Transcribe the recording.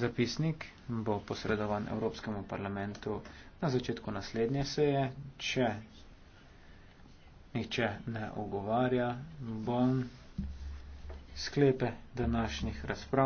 Zapisnik bo posredovan Evropskemu parlamentu na začetku naslednje seje. Če nihče ne ogovarja, bom sklepe današnjih razprav.